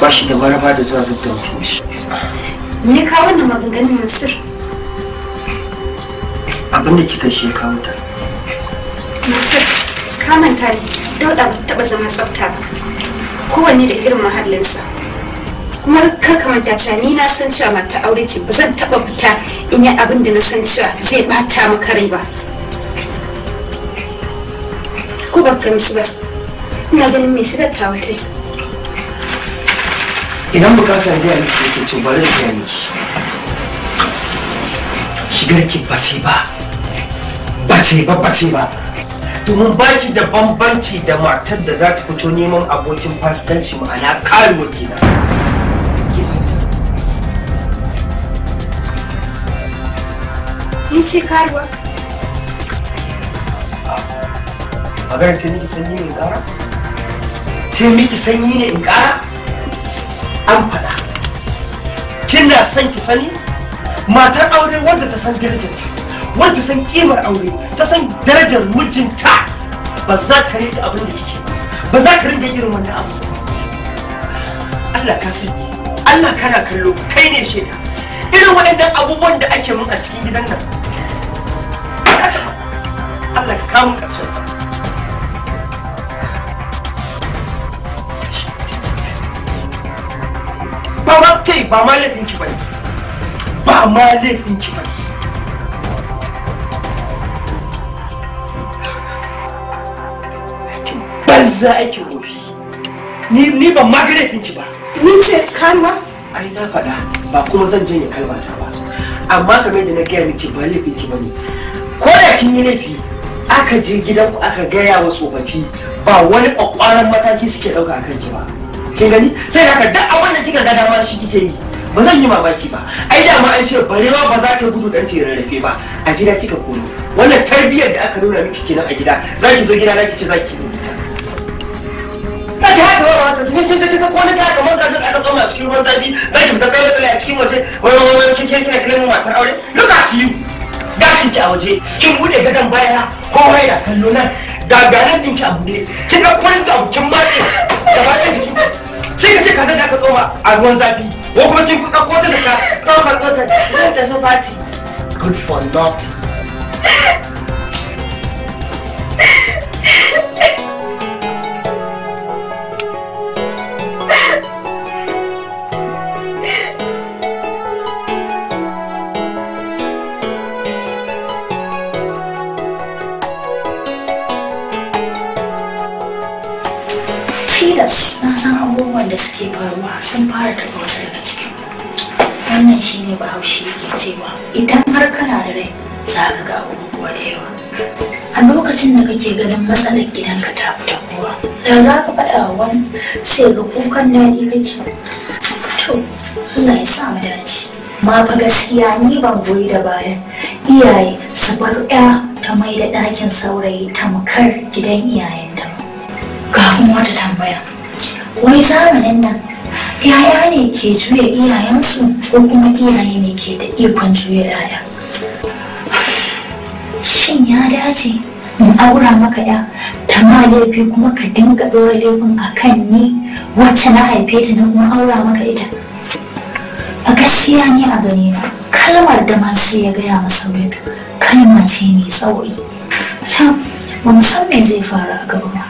ba shi da maraba da zuwa zubda mutunci me kawo wannan maganganun Abin abinda kika shi ya kawo ta ka manta ne dauda ba taba zama tsafta ba kowanne da irin mahallinsa kuma kar ka manta cewa ni na san cewa mata aure ce ba zan taba fita in yi abin da na san cewa zai bata maka rai ba ko ba ka ba ina ganin me shirar ta wata idan bukata gaya miki yake to bari da gaya miki shigar ki ba sai ba ba ce ba ba ce ba domin baki da bambanci da matar da za ta fito neman abokin fasikanci ma'ana karuwa kenan Ni ce karuwa? Maganar ta miki sanyi ne in kara? Ta miki sanyi ne in kara? an faɗa kina son ki sani matar aure wanda ta san darajarta wanda ta san kimar aure ta san darajar mijinta ba za ta da abin da kike ba za ta rinka irin wannan abu Allah ka sani Allah kana kallo kai ne shaida irin waɗannan abubuwan da ake mun a cikin gidan nan Allah ka kawo ƙarshen sa ba ma laifin ki bane ba ma laifin ki bane banza aikin gobe ni ni ban ma laifin ki ba ni ce kalma ai na faɗa ba kuma zan janye kalmata ba amma kamar da na gaya miki ba laifin ki ne ko da kin yi laifi aka je gidan aka gaya wa tsofaffi ba wani kwakwaran mataki suke ɗauka a kanki ba kin gani sai da haka duk abin da kika ga dama shi kike yi ba zan yi mamaki ba ai da ma an ce barewa ba za ta gudu dan tere rarrafe ba a gida kika koyo wannan tarbiyyar da aka nuna miki kenan a gida za ki zo gida na kici za ki ta ki haka wa ta kin kin kin ko ne ta kamar ka zai aka tsoma cikin ruwan zafi za ki fita tsaye tsaye a cikin waje wai wai wai kin kin kina kalmar matar aure look at you gashin ki a waje kin bude gadon baya kowa yana kallo nan da garan dinki a bude kin ga kwanin da kin matse gaba ɗaya jikin sai ka ce ka zaka tsoma a ruwan zafi ko kuma kin kuka ko ta saka ɗaukar ɗaukar zan tafi bati good for nothing da su na san abubuwan da suke faruwa sun fara taɓa wasu daga cikin wannan shine bahaushe yake cewa idan har kana da rai za ka ga abubuwa da yawa a lokacin da kake ganin matsalar gidanka ta fita kowa da za ka faɗa wa wani sai ga kukan daɗi kake to ina ya sa mu dace ma fa gaskiya ni ban goyi da bayan iyaye su bar 'ya ta mai da ɗakin saurayi tamkar gidan iyaye kuma wata tambaya wani zamanin nan yaya ne ke juya iyayensu ko kuma iyaye ne ke da ikon juya yaya shin ya dace mu aura maka ya ta ma laifi kuma ka dinga ɗora laifin a kan ni wacce na haife ta na kuma aura maka ita a gaskiya ne a gani na kalmar da masu ya gaya masa kalma ce mai tsauri ba mu san zai fara a gaba ba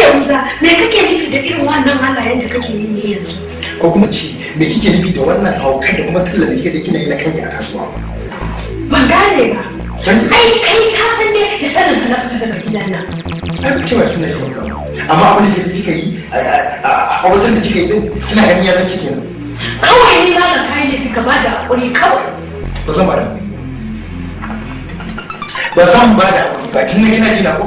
yanzu me kake nufi da irin wannan halayen da kake yi yanzu ko kuma ci me kike nufi da wannan hauka da kuma tallar kike da kina yi na kanki a kasuwa ban gane ba ai kai ka san ne da sanin ka na fita daga gidan nan ai ce ba sanin ka amma abin da kike yi a wajen da kike yi din kina ganin ya zace kawai ni ma ga kai ne ka ba da hakuri kawai ba zan ba da ba zan ba da hakuri ba kin ne kina jina ko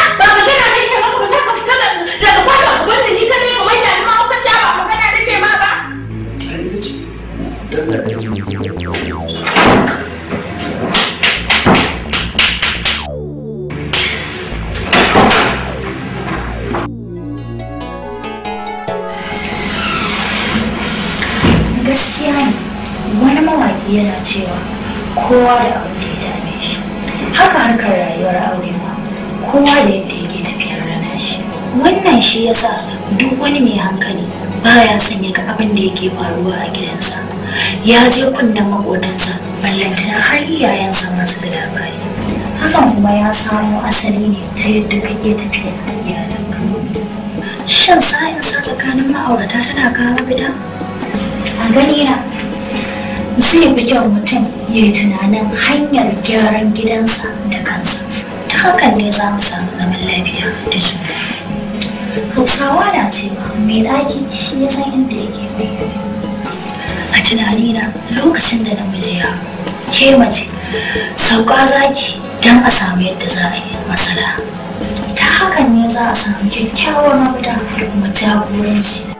wani mawaki yana cewa kowa da abin da ya dame shi haka harkar rayuwar aure ma kowa da yadda yake tafiyar da shi. wannan shi yasa duk wani mai hankali baya son ya ga abin da yake faruwa a gidansa ya je kunnen maƙotansa ballantana har iyayensa masu da labari hakan kuma ya samo asali ne ta yadda kake tafiyar da iyalanka shan sa'insa tsakanin ma'aurata tana kawo gida a gani na zai fi kyau mutum ya yi tunanin hanyar gyaran gidansa da kansa ta hakan ne za mu samu zaman lafiya da su. hausawa na cewa mai daki shi ya san inda yake mai a na lokacin da namiji ya ke mace sauka zaki don a samu yadda za a yi masala ta hakan ne za a samu kyakkyawar mafita da kuma jagoranci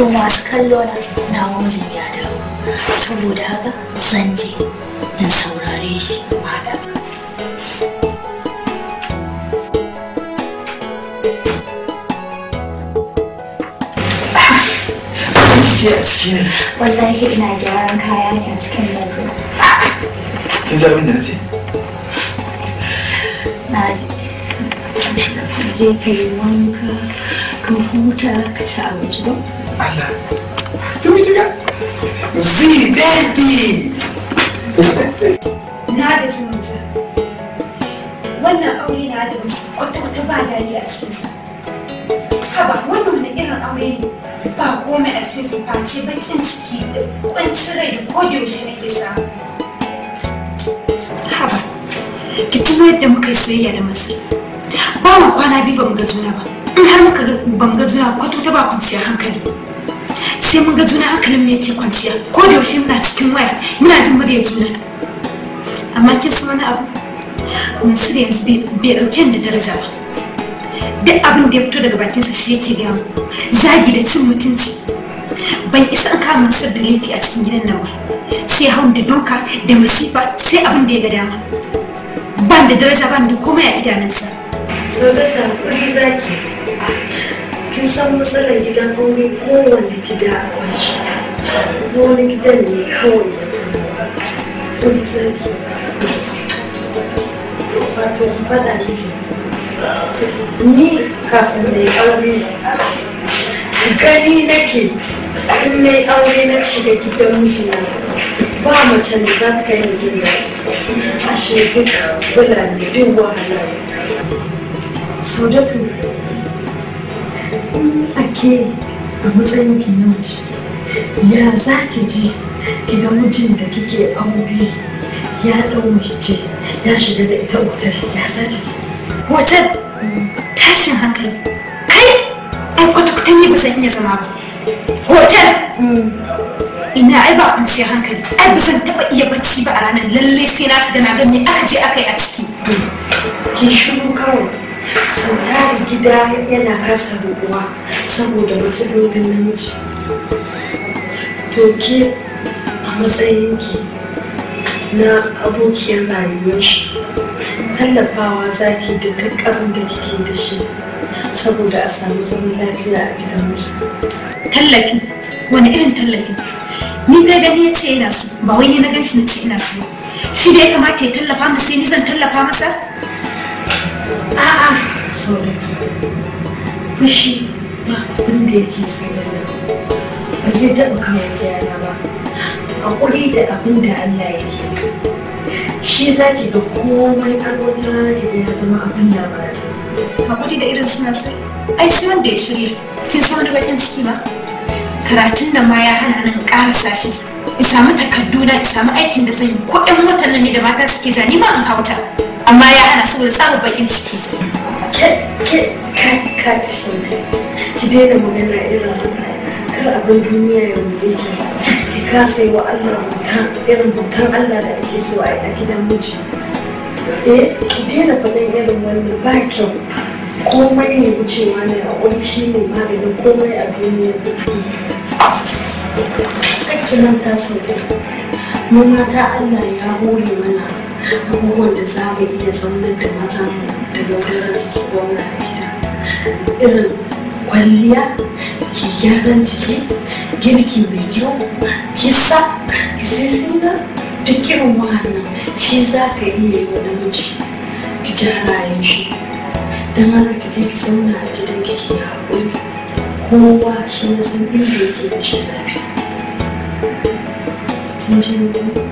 to masu kallo na na mijin da dawo saboda haka zan je in saurare shi wallahi ina gyaran kaya ne a cikin lalbu kin ji abin da na ce na ji je ka yi wanka ka huta ka ci abinci don Z baby. Na da jinta. Wannan aure na da musu kwata-kwata ba daɗi a cikinsa. Haba wannan irin aure ba komai a cikin face bakin ciki da kwancin rai da kodayaushe nake samu. Haba, ki tuno yadda muka yi soyayya da masu. Ba mu kwana biyu ba mu ga juna ba. In har muka ba mu ga juna kwata-kwata ba kwanciyar hankali. sai mun ga juna hankalin me yake kwanciya ko da yaushe muna cikin waya muna jin murya juna amma kin san wani abu Mansur yanzu bai dauke da daraja ba duk abin da ya fito daga bakinsa shi yake gaya mu zagi da cin mutunci ban isa an kama Mansur da laifi a cikin gidan nan ba sai hawan da doka da masifa sai abin da ya ga dama ban da daraja ban da komai a idanunsa. Sadaka, kuri zaki. kin san matsalar gidan aure kowane gida akwai shi wani gidan ne kawai da wani sarki wato faɗa miki ni kafin na yi aure gani nake in na yi aure na shiga gidan mijina ba macen da za ta kai ni jin daɗi ashe duk bula ne duk wahala ne ke a matsayin ki na mace ya za ki ji idan mutum da kike aure ya ɗau mace ya shiga da ita otal ya za ki ji hotel tashin hankali kai ai kwata-kwata ne ba zan iya zama ba hotel ina ai ba ce hankali ai ba zan taɓa iya bacci ba a ranar lallai sai na shiga na gani aka je aka yi a ciki ki shiru kawai sau tarin gida yana kasa rubuwa saboda matsalolin namiji to ke a matsayinki na abokiyar rayuwar shi tallafawa zaki da duk abin da kike da shi saboda a samu zaman lafiya a gidan musu. Tallafi, wani irin tallafi? Ni dai gani ni yace ina so, ba wani na gan shi na ce ina so. Shi da ya kamata ya tallafa masa sai ni zan tallafa masa? a'a sau da fushi ba abinda yake tsanana ba zai taɓa kawo gyara ba haƙuri da abin da Allah yake shi za ki ga komai an da rana ya zama abin labari haƙuri da irin suna sai ai sai wanda ya shirya kin san da bakin ciki ba karatun nan ma ya hana nan ƙarasa shi in samu takardu na in samu aikin da zan yi ko 'yan watannin ne da mata suke zani ma an hauta amma ya hana saboda tsarin bakin ciki ke ke ka ka ki sauke ki daina magana irin haka kar abin duniya ya rubuce ki ki kasa yi wa Allah bauta irin bautar Allah da ake so a a gidan miji eh ki daina faɗin irin wannan ba kyau komai ne wucewa ne a ƙunshi ne maganin komai a duniya kake manta sauke mu mata Allah ya hore mana abubuwan da za mu iya zaunar da mazan daga wurin su zauna a gida irin kwalliya ki gyaran jiki girki mai kyau kisa ki sai sina duk irin wahannan shi za ka iya yi wa namiji ki ja rayan shi don haka ka je ki zauna a gidan ki ki haƙuri kowa shi ya san inda yake da shi zafi. Thank you.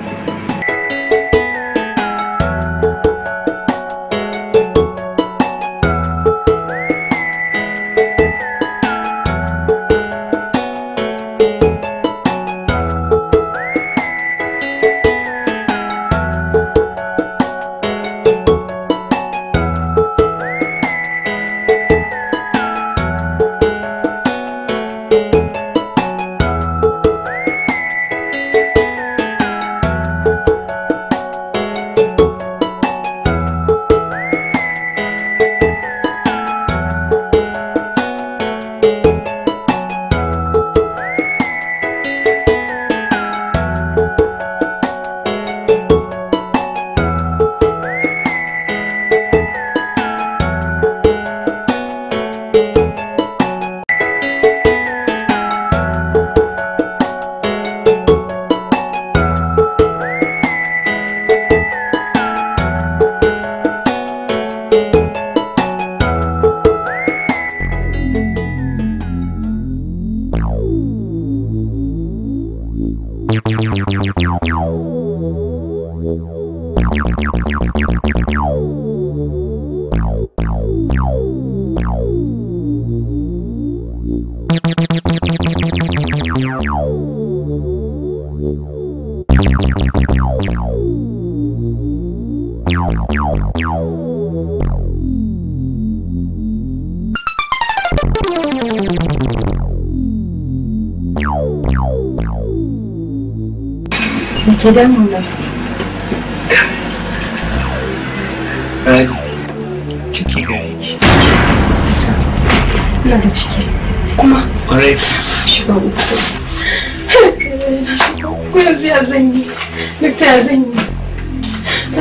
gidan mu ne ciki da yake. Ina da ciki, kuma? Ƙwarai. Shiga uku. ya zan yi, duk ya zan yi.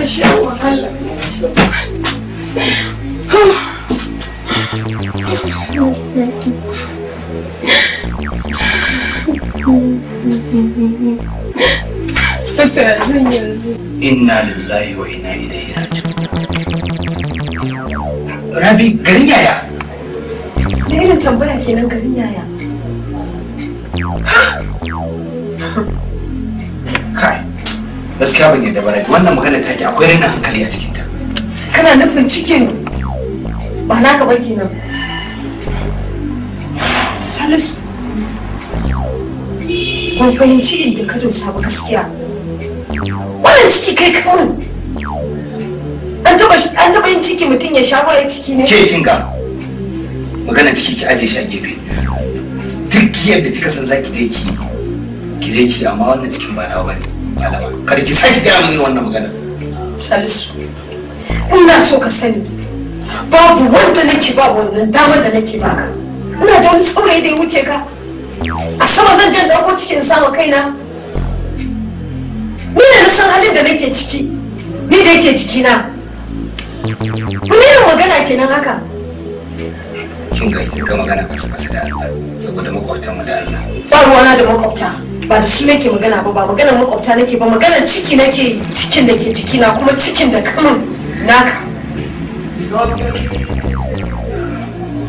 shi a wahala. inna lillahi wa inna ilaihi raji'un rabi garin yaya da irin tambaya kenan garin yaya kai gaskiya ban yadda ba rabi wannan magana ta ke akwai raina hankali a cikin cikinta kana nufin cikin ba naka ba kenan salisu ban fahimci inda ka dosa ba gaskiya wannan ciki kai kawai an taba an taba yin ciki mutum ya sha waye ciki ne ke kin ga Maganar ciki ki aje shi a gefe duk yadda kika san zaki je ki ki je ki amma wannan cikin ba nawa bane malama kada ki saki ga mun wannan magana salisu ina so ka sani babu wanda nake ba wannan damar da nake baka ina da wani tsaurayi da ya wuce ka a sama zan jan dauko cikin sama kaina ni na san halin da nake ciki ni da yake ciki na kuma yin magana kenan haka kin ga kin ga magana ba su da Allah saboda makwabtan mu da Allah ba ruwana da makwabta ba da su nake magana ba ba magana makwabta nake ba magana ciki nake cikin da ke jiki na kuma cikin da kamun naka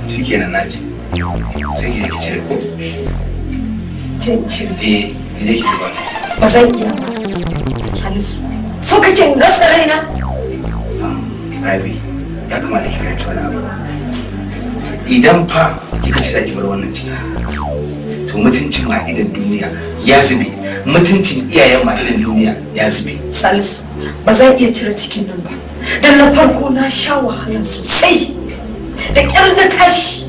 shikenan naji sai ki cire ko cin cire eh ki zuba ba zan iya ba salisu so ka in rasa raina rabi ya kamata ki fahimci wani abu idan fa kika ci zaki bar wannan ciki to mutuncin ma idan duniya ya zube mutuncin iyayen ma idan duniya ya zube salisu ba zan iya cire cikin nan ba don na farko na sha wahala sosai da kyar na tashi